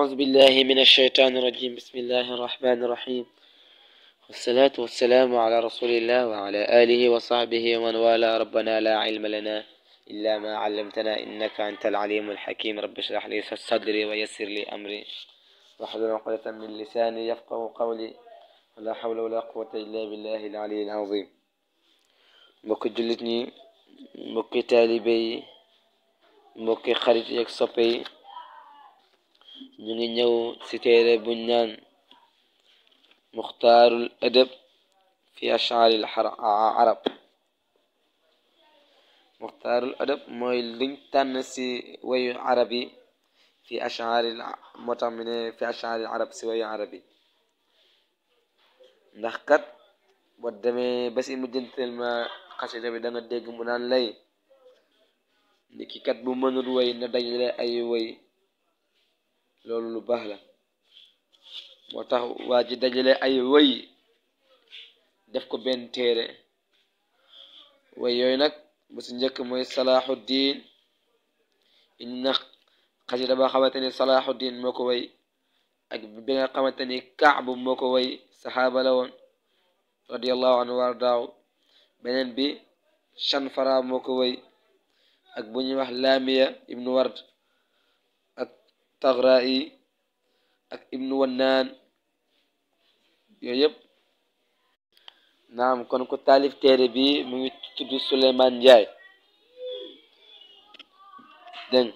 أعوذ بالله من الشيطان الرجيم بسم الله الرحمن الرحيم والصلاة والسلام على رسول الله وعلى آله وصحبه ومن والاه ربنا لا علم لنا إلا ما علمتنا إنك أنت العليم الحكيم رب اشرح لي صدري ويسر لي أمري واحلل عقدة من لساني يفقه قولي ولا حول ولا قوة إلا بالله العلي العظيم mbokki jullit ñi mbokki taalibe yi mbokki xarit yi ak soppe yi ñu ngi ñëw ci téere buñ naan muxtaarul adab fi ashaaril arab muxtaarul adab mooy liñ tànn si wayu arab yi fi ashaaril moo tax mu ne fi ashaaril arab ci wayu arab yi ndax kat boo demee ba ci mujjantal ma xasida bi da nga dégg mu naan lay nit ki kat bu mënul way na dajale ay way loolu lu baax la moo tax waa ji dajale ay woy def ko benn téere way yooyu nag bu si njëkk mooy salahuddin iñ na xasida ba xamante ni salahuddin moo ko way ak bi nga xamante ni kaabu moo ko way saxaaba la woon radiallahu anhu wa ardaahu beneen bi chanfara moo ko way ak bu ñuy wax laamiya ibnu ward tagra'i ak ibnu wannaan yooyu yëpp naam kon ko taalif téere bi mu ngi tudd Souleymane Ndiaye dégg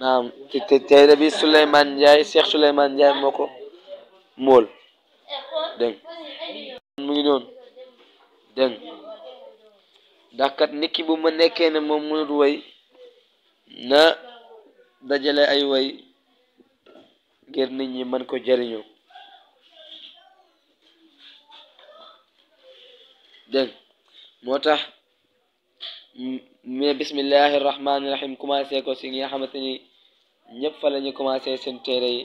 naam te bi Souleymane Ndiaye Cheikh Souleymane Ndiaye moo ko mool dégg mu ngi noonu dégg ndax kat nit ki ma nekkee ne moom mënut way na dajale ay way gir nit ñi mën ko jëriñoo dégg moo tax mais bismillahi rahmaani rahim commencé ko si nga xamante ni ñëpp fa la ñu commencé seen téere yi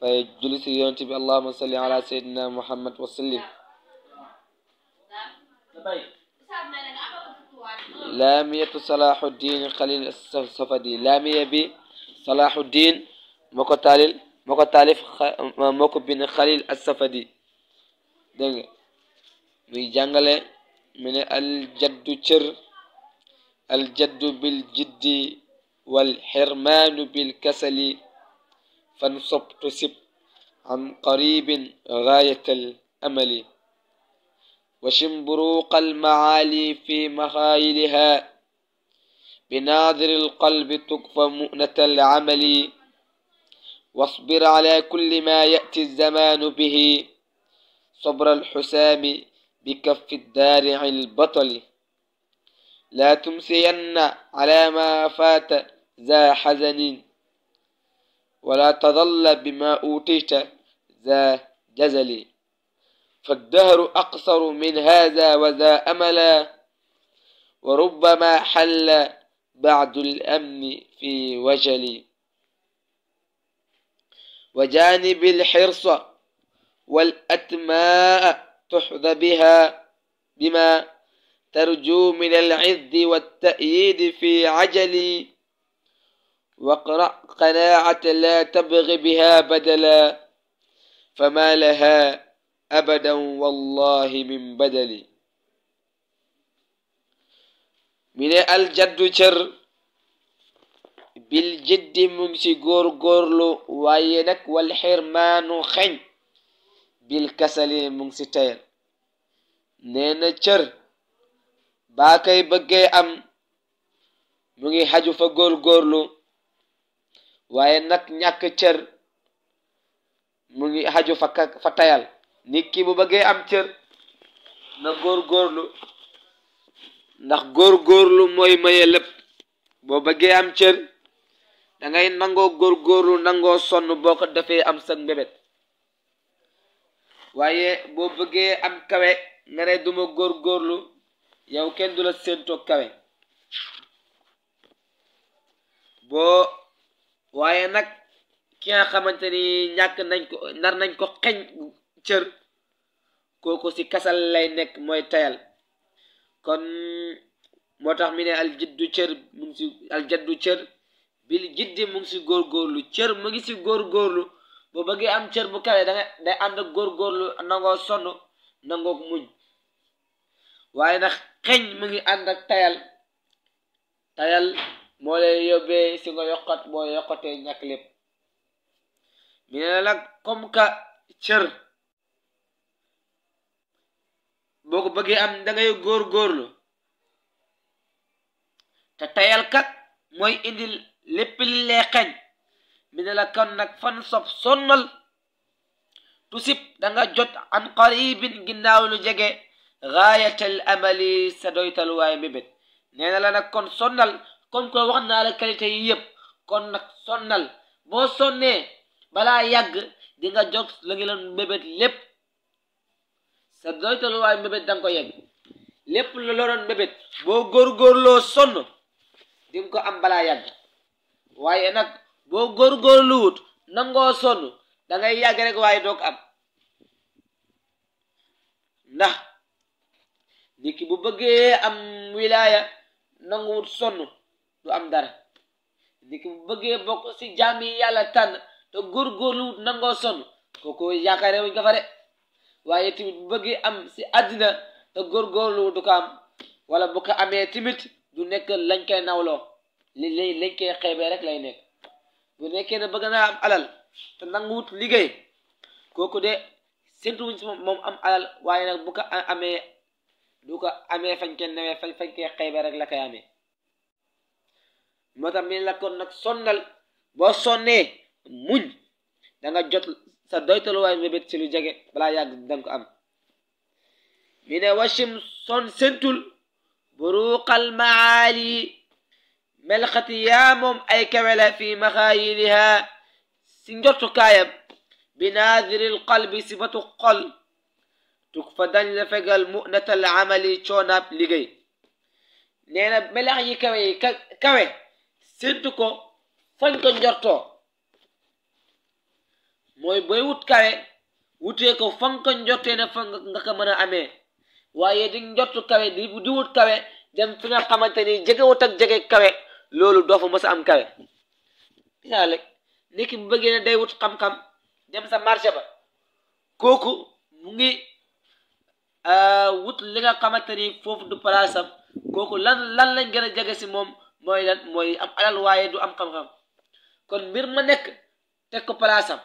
waaye si yonent bi allahuma salli ala sayyidina muhammad wa sallim laamiyatu salahuddin xalil safadi laamiya bi salahuddin moo ko taalil moo ko taalif moo ko bind xalil as-safadi dégg nga muy jàngale mu ne aljaddu cër aljaddu bil jiddi wal xirmaanu bil kasali fan sobtu sib an qaribin gaayatal amali وشمبروق المعالي في مخايلها بناظر القلب تكفى مؤنة العمل واصبر على كل ما يأتي الزمان به صبر الحسام بكف الدارع البطل لا تمسين على ما فات ذا حزن ولا تظل بما أوتيت ذا جزل فالدهر أقصر من هذا وذا أملا وربما حل بعد الأمن في وجل وجانب الحرص والأتماء تحظى بها بما ترجو من العز والتأييد في عجل واقرأ قناعة لا تبغ بها بدلا فما لها abadan wallahi min badali mi ne aljaddu cër bil jiddi mu ngi ci góor góorlu waaye nag wal xirmaanu xeñ bil kasali mu ngi ci tayal nee cër baa kay bëggee am mu ngi xaju fa góor góorlu waaye nag ñàkk cër mu ngi xaju fa fa tayal nit ki bu bëggee am cër góor góorlu ndax góor góorlu mooy maye lépp boo bëggee am cër dangay nangoo góor góorlu nangoo sonn boo ko defee am sag mbébét waaye boo bëggee am kawe nga ne duma góorlu yow kenn du la séentoo kawe boo waaye nag ki nga xamante ni ñàkk nañ ko nar nañ ko xeñ cër kooku ci kasal lay nekk mooy tayal kon moo tax mi ne al jiddu cër mu ngi si góor jaddu cër mu ngi si góor góorlu mu ngi boo bëggee am cër bu kawe danga day ànd ak góorgóorlu nangoo sonn nangoo muñ waaye nag xeñ mu ngi ànd ak tayal tayal moo lay yóbbee si nga yokkat boo yokkatee ñàkk lépp mi ne nag comme que cër boo ko bëggee am da ngay góor-góorlu te tayalkat mooy indi lépp li lee mi ne la kon nag fan sob sonnal tusip danga jot am qaribin ginnaaw lu jege gaayatal amali sa doytal waay mébét nee na la nag kon sonnal kon ko wax naa la qualité yi yëpp kon nag sonnal boo sonnee balaa yàgg dinga nga jot la ngi lépp sa doytaluwaay mbébét da nga ko yegg lépp lu loroon mbébét boo góorgóorloo sonn di ko am balaa yàgg waaye nag boo góorgóorluwut nangoo sonn dangay ngay yàgg rek waaye doog am ndax nit ki bu bëggee am wilaaya nanguwut sonn du am dara nit ki bu bëggee bokk ci jaam yi yàlla tànn te góor góorgóorluwut nangoo sonn kooku yaakaare wuñ ko fa waaye tamit bu bëggee am si àddina te góorgóorlu du ko am wala bu ko amee timit du nekk lañ koy nawloo li lay lañ koy xeebee rek lay nekk bu nekkee ne bëgg naa am alal te nanguwut liggéey kooku de séntu wuñ si moom am alal waaye nag bu ko amee du amee fañ koy newee fañ fañ koy xeebee rek la koy amee moo tax mi la kon nag sonnal boo sonnee muñ da jot sa doytaluwaay mébét ci lu jege balaa yàgg danga am mi ne son sentul buruqal maali melxati yaa ay kawela fi maxaayiniha si njortu kaayam bi naadiril qalbi sifatu xol tuk fa dañ la fegal munatal amali coonaab liggéey nee kawe yi kawe mooy booy wut kawe wutee ko fa nga ko njottee ne fa nga ko mën a amee waaye di njotu kawe di di wut kawe dem fi nga xamante ni jege wut ak jege kawe loolu doo fa a am kawe misaal rek nit ki mu bëggee na day wut xam-xam dem sa marché ba kooku mu ngi euh, wut li nga xamante ni foofu du palaasam kooku lan lan lañ gën a jege si moom mooy lan mooy am alal waaye du am xam-xam kon mbir ma nekk teg ko palaasam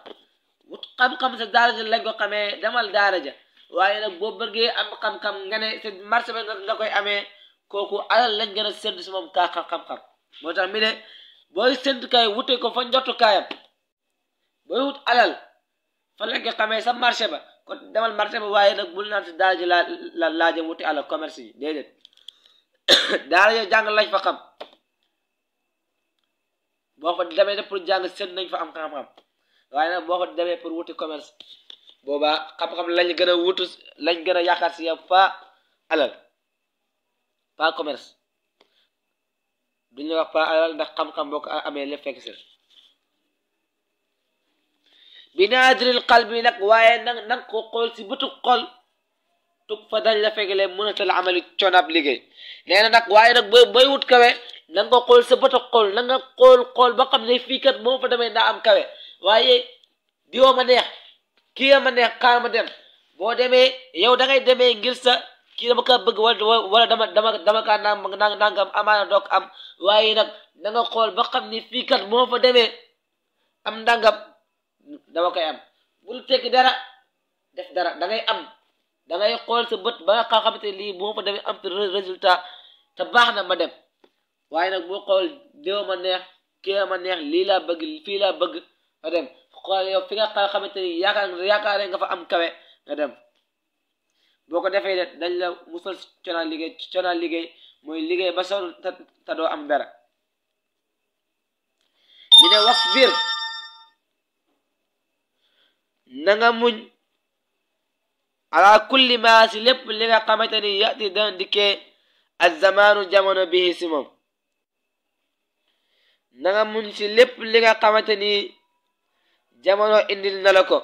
wut xam-xam sa daara ja lañ ko xamee demal daara ja waaye nag boo bëggee am xam-xam nga ne sa marché ba nga koy amee kooku alal lañ gën a moom kaa xam moo tax mi ne booy séntu kaay ko fa njottukaayam booy wut alal fa lañ xamee sa marché ba kon demal marché ba waaye nag bul naan si daara ji laa la laaja wuti alal commerce yi déedéet daara ja jàng lañ fa xam boo fa demee ne pour jàng séntu nañ fa am xam-xam waaye nag boo ko demee pour wuti commerce boobaa xam-xam lañ gën a wutu lañ gën a yaakaar si yow pas alal pas commerce duñu wax pas alal ndax xam-xam boo ko amee lépp fekk si bi naadiril qalbi nag waaye nag nang ko xool si bëtu xol tug fa dañ la fekkelee mën a tal amali coonaab liggéey nee na nag waaye nag booy wut kawe na nga ko xool sa bëtu xol na nga xool xool ba xam ne fii kat moom fa demee daa am kawe waaye diwa ma neex kii ma neex xaar ma dem boo demee yow da ngay demee ngir sa kii dama kaa bëgg wala wala dama dama dama kaa naam nangam amaana doog am waaye nag da nga xool ba xam ni fii kat moo fa demee am ndàngam dama koy am bul tekki dara def dara da am da xool sa bët ba nga xamante lii moo fa demee am résultat te baax na ma dem waaye nag boo xool déw ma neex kii ma neex lii laa bëgg fii laa bëgg nga dem xool yow fi nga xamante ni yaakaar yaakaare nga fa am kawe eh. nga dem boo ko defee de dañ la musal conaan liggéey conaan liggéey mooy liggéey ba sonn te doo am dara mi ne wax biir nanga muñ ala kulli maa si lépp li nga xamante ni yati dan dikkee ak zamaanu jamono bii si moom na muñ si lépp li nga xamante jamono indi na la ko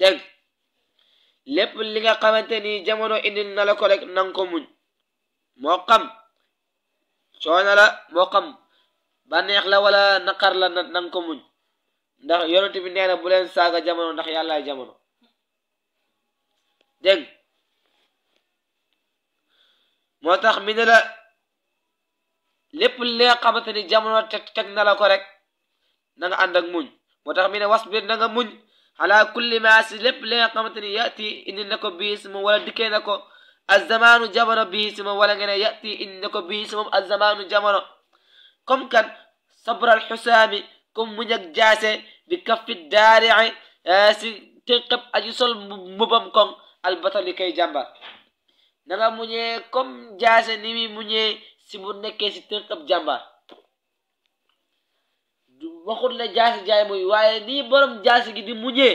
dégg lépp li nga xamante ni jamono indil na la ko rek nang ko muñ moo xam coono la moo xam bànneex la walla naqar la nang ko muñ ndax yonent bi nee bu leen saaga jamono ndax yàllaay jamono dégg moo tax mi la lépp li nga ni jamono te teg na la ko rek na nga ànd ak muñ moo tax mi ne wasbir na nga muñ ala kulli ma si lépp li nga xamante ni yati indi na ko bii si moom wala dikkee na ko azamaanu jamono bii si wala nga yati indi na ko bii si moom azamaanu jamono comme kan sabral xusaami comme muñ ak jaase bi kaffi daarii eh, si tënqëb aji sol mubam koŋ albatali kay jàmbar na nga muñee jaase ni mi si bu nekkee si tënk ab jàmbaar du waxut la jaasi jaay muy waaye nii borom jaasi gi di muñee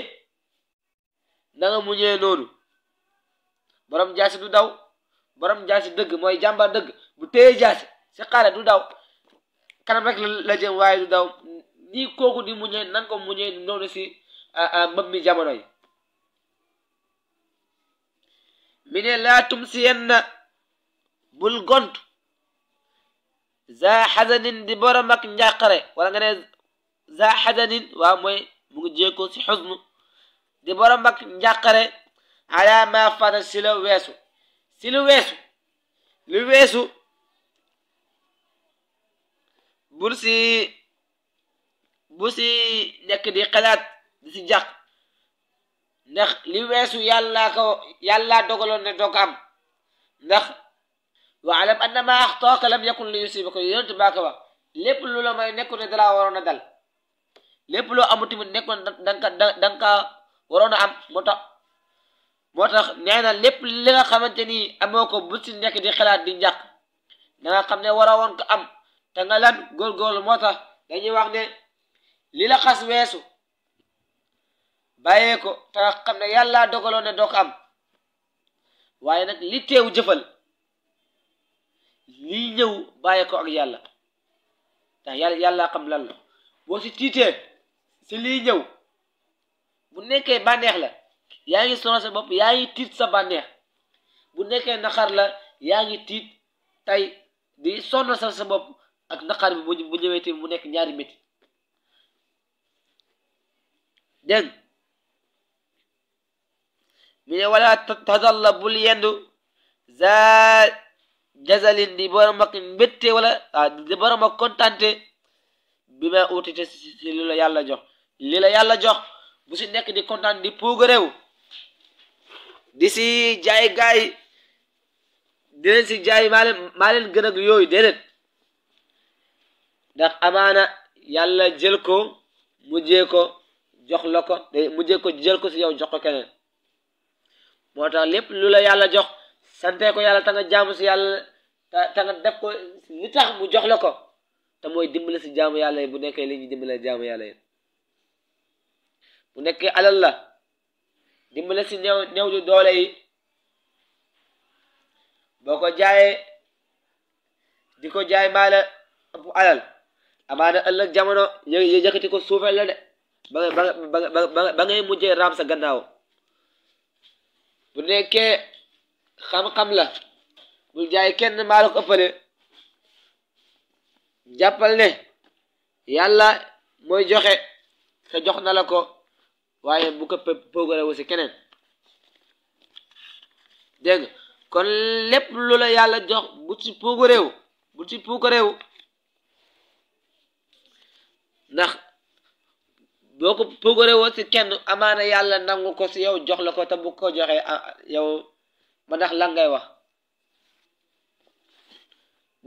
na nga muñee noonu borom jaasi du daw borom jaasi dëgg mooy jàmbaar dëgg bu téye jaasi si xare du daw kanam rek la jëm waaye du daw nii kooku di muñee na nga ko muñee noonu si mbëb mi jamono yi ne laa tum si yenn bul gont za xasanin di borom ak njàqare wala nga ne za xasanin waaw mooy mu ngi jéeko si xusnu di borom ak njàqare ala ma fata si weesu si lu weesu lu weesu bul si bul si nekk di xalaat di si jàq ndax li weesu yàllaa ko yàllaa dogaloon ne dog am ndax waa alam anna ma axtaaka lam yakun li yusibaka yonent baa ko wax lépp lu la may nekku ne dalaa waroon a dal lépp loo amu tamit nekku ne danga danga ka waroon a am moo tax moo tax nee na lépp li nga xamante ni amoo ko bu si nekk di xalaat di njàq da xam ne waroon ko am te nga lan góorgóorlu moo tax dañuy wax ne li la xas weesu bàyyee ko te nga xam ne yàlla dogaloon ne doo ko am waaye li teew jëfal lii ñëw bàyyi ko ak yàlla ndax yàlla yàlla la boo si tiitee si lii bu nekkee bànneex la yaa ngi sonal sa bopp yaa ngi tiit sa bànneex bu nekkee naqar la yaa ngi tiit tey di sonal sa sa bopp ak naqar bi bu ñëwee tamit mu nekk ñaari métti dégg mi ne wala tadalla bul yendu jazalin di borom ak mbette wala ah, di borom ak bi ma utite si li la yàlla jox li la yàlla jox bu si nekk di kontaan di puugaréew di si jaay gaay di si jaay maa leen maa gën ak yooyu déedéet ndax amaana yàlla jël ko mujjee ko jox la ko ko jël ko si yow jox ko keneen moo tax lépp lu la yàlla jox sante yàlla ta jaamu si yàlla ta te nga def ko li tax mu jox la ko te mooy dimbale si jaamu yàlla yi bu nekkee li ñuy dimbale jaamu yàlla yi bu nekkee alal la dimbale si néew néew ju doole yi boo ko jaayee di ko jaay maana ëpp alal amaana ëllëg jamono yë yëkkati ko suufee la de ba nga ba nga ba ngay mujjee raam sa gannaaw bu nekkee xam-xam la bul jaay kenn maa la ko ëppale jàppal ne yàlla mooy joxe te jox na la ko waaye bu ko pogale wu si keneen dégg kon lépp lu la yàlla jox bu ci pogareew bu ci pogareew ndax boo ko pogarewoo si kenn amaana yàlla nangu ko si yow jox la ko te bu ko joxe ah, yow ma ndax langay ngay wax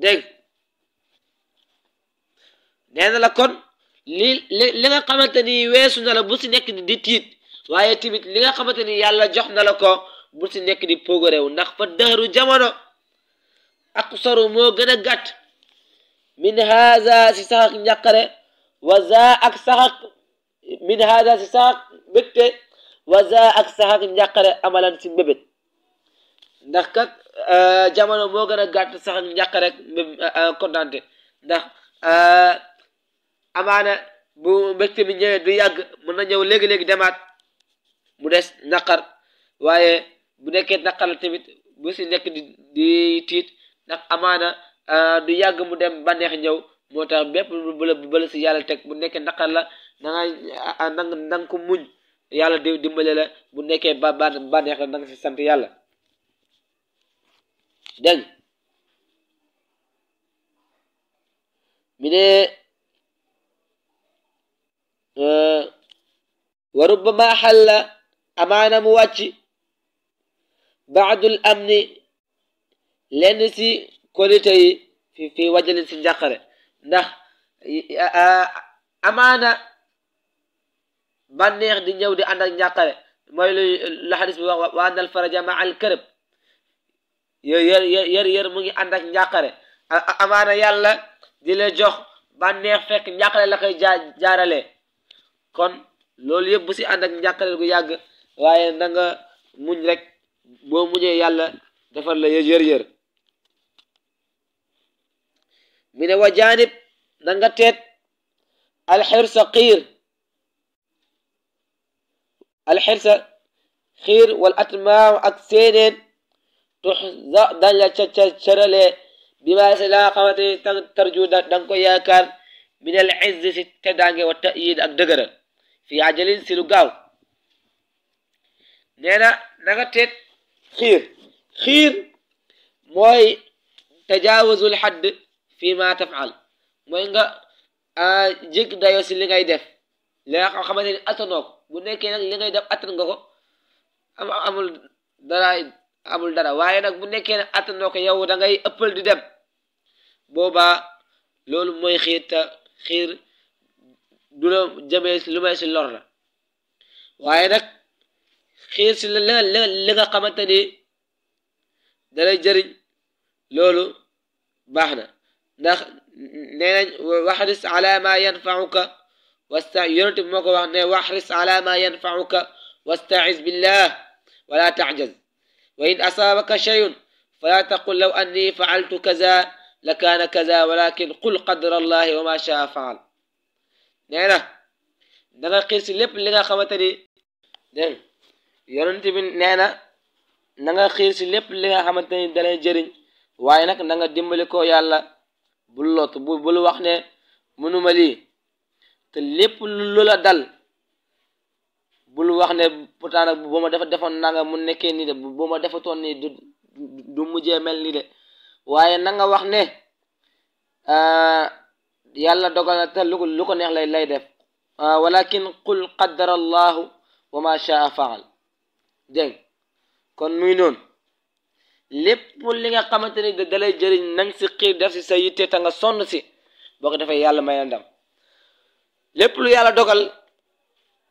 dégg nee na la kon li li li nga xamante ni weesu na bu si nekk di tiit waaye tamit li nga xamante ni yàlla jox na la ko bu si nekk di pogorewu ndax fa dëhru jamono ak soru moo gën a gàtt min haza si saxak njàqare waza ak saxak min haza si saxak ak saxak njàqare amalan si mbébét ndax kat euh, jamono moo gën a gàtt sax ñàkk rek euh, kontante ndax euh, amaana bu mbégte mi ñëwee du yàgg mën na ñëw léegi-léegi demaat mu des naqar waaye bu nekkee naqar la tamit bu si nekk di di tiit ndax amaana du yàgg mu dem bànneex ñëw moo tax bépp bëla bëla si yàlla teg bu nekkee naqar la na nga na nga ko muñ yàlla di dimbale la bu nekkee ba bànneex la na nga si sant yàlla dégg mi ne euh, wa rubbama xalla amaana mu wàcc baadul amni lenn si kolite yi fi fi wajalin si njàqare ndax amaana bànneex di ñëw di ànd ak njàqare mooy luy la xadis bi wax wa annal faraja ma al karab yar yar yar mu ngi ànd ak njàqare amaana yàlla di la jox bànneex fekk njàqare la koy jaa jaarale kon loolu yëpp bu si ànd ak njàqare gu yàgg waaye na nga muñ rek boo muñee yàlla defar la yër yër yër mi ne wa jaanib na nga teet alxirsa xiir alxirsa xiir wal atmaaw ak séeneen tuxza dañ la ca ca cëralee bi maa laa xamante ni tarju da nga ko yaakaar min al izzi si teddaange wa ta'yid ak dëgëral fii ajalin si lu gaaw nee na nanga teet xiir xiir mooy tajaawuzul xadd fi ma tafal mooy nga jig dayo li ngay def li nga xamante ni attanoo ko bu nekkee nag li ngay def attan nga ko am amul dara amul dara waaye nag bu nekkee ne attanoo ko yow da ngay ëppal di dem boobaa loolu mooy xiir te xiir du la jëmee lu may si lor la waaye nag xiir si la li li nga xamante ni dalay jëriñ loolu baax na ndax nee nañ waxris ala ma yanfauka wasta yonent bi moo ko wax ne waxris ala ma yanfauka wastaiz billah wala taajaz wa in asaabaka shayun falaa taqul law anni faaltu kaza la kaana kaza walakin qul qadara allahi wa ma shaa faal nee na da nga xiir si lépp li nga xamante ni dégg yonent bi nee na na nga xiir si lépp li nga xamante ni dalay jëriñ waaye nag na nga dimbali ko yàlla bul lot bu bul wax ne mënuma lii te lépp lu la dal bul wax ne pourtant nag boo ma defa defoon nanga mu nekkee ni de bu ma defatoon nii du du mujjee mel nii de waaye nanga wax ne euh, yàlla dogal na te lu ko neex lay lay def euh, walakin qul qaddara allahu wa ma shaa faal dégg kon muy noon lépp li nga xamante ni da dalay jëriñ nang si xiir def si sa yitte te nga sonn si boo ko defee yàlla may na ndam lépp yàlla dogal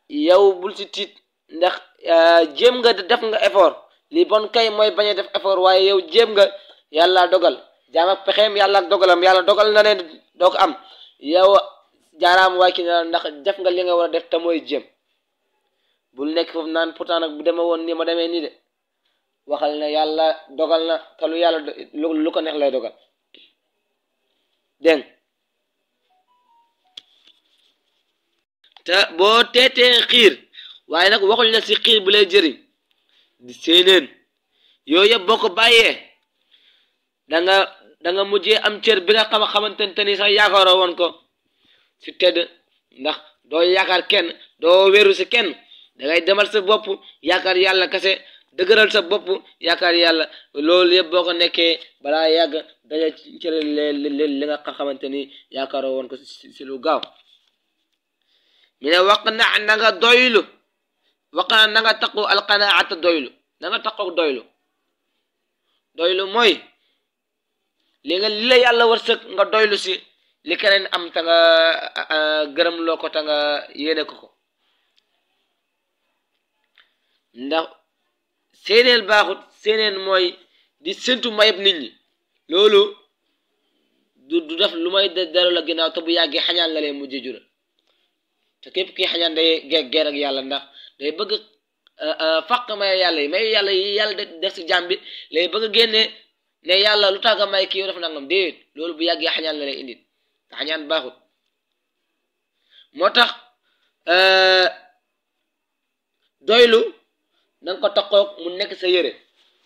yow bul si tiit ndax euh, jéem nga def nga effort li bon kay mooy bañ a def effort waaye yow jéem nga yàlla dogal jaam ak pexeem yàlla ak am yàlla dogal na ne doo am yow jaaraam waay ki na ndax def nga li nga war a def te mooy jéem bul nekk foofu naan pourtant nag bu demee woon nii ma demee nii de waxal ne yàlla dogal na te lu yàlla lu ko nekk lay dogal dégg te boo teetee xiir waaye nag waxuñ la si xiir bu lay jëriñ di séeneen yooyu yëpp boo ko bàyyee da nga da am cër bi nga xam xamante ne ni sax woon ko si tedd ndax doo yaakaar kenn doo wéeru si kenn da ngay demal sa bopp yaakaar yàlla kese dëgëral sa bopp yaakaar yàlla loolu yëpp boo ko nekkee balaa yàgg daja cër li nga xamante ni yaakaaroo woon ko si lu gaaw ñu ne waq na na nga doylu waq na na nga taqu alqanaata doylu na nga taqoog doylu doylu mooy li nga li la yàlla wërsëg nga doylu si li keneen am ta nga gërëm loo ko ta nga yéene ko ko ndax seeneen baaxut seeneen mooy di séntu mayëb nit ñi loolu du du def lu may delloo la ginnaaw te bu yàggee xañaan la leen mujjee jural te képp kii xañaan day ak yàlla ndax day bëgg euh, euh, fàq may yàlla yi may yàlla yi yàlla def si jaam bi lay bëgg génne ne yàlla lu tax nga may kii def nangam déedéet loolu bu yàggee xañaan la lay indil te xañaan baaxut moo tax euh, doylu na nga ko taqoog mu nekk sa yére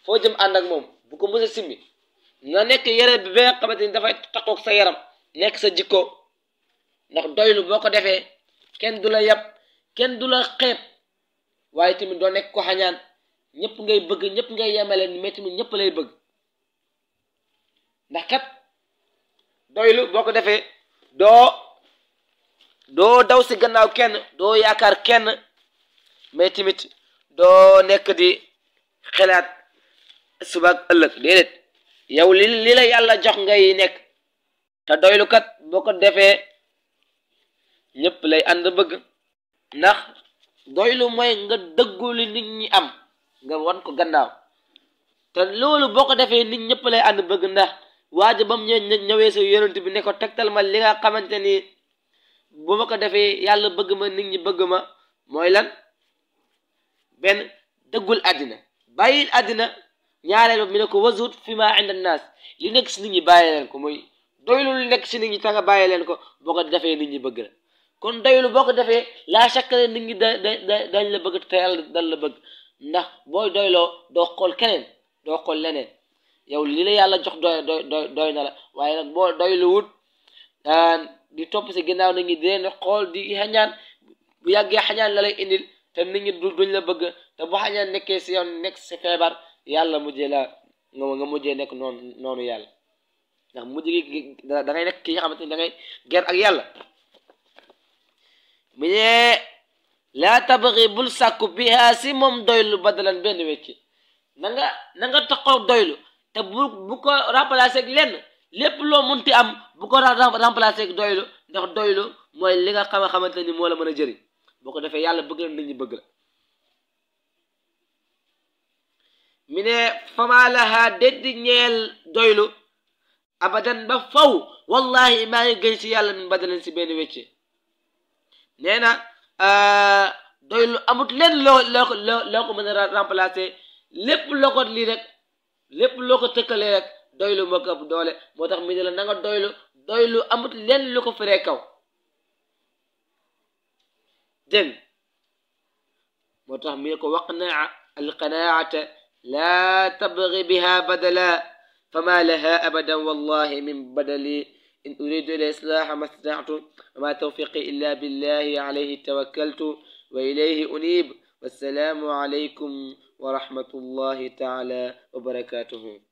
foo jëm ànd ak moom bu ko mës simmi nga nekk yére bi ba nga xamante ni dafay taqoog sa yaram nekk sa jikko ndax doylu boo ko defee kenn du la yab kenn du la xeeb waaye tamit doo nekk ko xañaan ñëpp ngay bëgg ñëpp ngay yemale mais tamit ñëpp lay bëgg ndax kat doylu boo ko defee doo doo daw si gannaaw kenn doo yaakaar kenn mais tamit doo nekk di xelaat suba ak ëllëg déedéet yow li li la yàlla jox ngay nekk te doylu kat boo defee ñépp lay ànd bëgg ndax doylu mooy nga dëggu li nit ñi am nga wan ko gannaaw te loolu boo ko defee nit ñëpp lay ànd bëgg ndax waaja bam ñëw ñëwee sa yonent bi ne ko tegtal ma li nga xamante ni boo ma ko defee yàlla bëgg ma nit ñi bëgg ma mooy lan benn dëggul àddina bàyyil àddina ñaareel ba mi ne ko fi ma inda naas li nekk si nit ñi bàyyi leen ko mooy doylu li nekk si nit ñi ta nga leen ko boo ko defee nit ñi bëgg la kon doylu boo ko defee laa chaque ne nit ñi da da dañ la bëgg te yàlla la bëgg ndax booy doyloo doo keneen doo leneen yow li la yàlla jox doy doy doy na la waaye nag boo doylu wut di topp si ginnaaw nit ñi di leen xool di xañaan bu yàggee xañaan la lay indil te nit ñi du duñ la bëgg te bu xañaan nekkee si yoon nekk si feebar yàlla mujjee la nga mujjee nekk noonu noonu yàlla ndax mujj gi da ngay nekk ki nga xamante ni da ger ak yàlla mu ne laa tabari bul sàkku biha si moom doylu badalan benn wecci na nga na nga taxaw doylu te bu bu ko remplacer ak lenn lépp loo munti am bu ko remplacer ak doylu ndax doylu mooy li nga xam xamante ni moo la mën a jëriñ boo ko defee yàlla bëgg la nit bëgg la mi ne famaa lahaa déddi ñeel doylu abadan ba faw wallahi maa ngi gën si yàlla min badalan si benn wecce nee na euh, doy lu amut lenn loo loo ko loo ko mën a remplacer lépp loo lii rek lépp loo ko tëkkalee rek doy lu moo doole moo tax mi ne la na nga doylu doylu amut lenn lu ko feree kaw moo tax mi ne ko waqnaa alqanaata biha badala fama laha abadan wallahi min badali إن أريد الإصلاح ما استطعت وما توفيقي إلا بالله عليه توكلت وإليه أنيب والسلام عليكم ورحمة الله تعالى وبركاته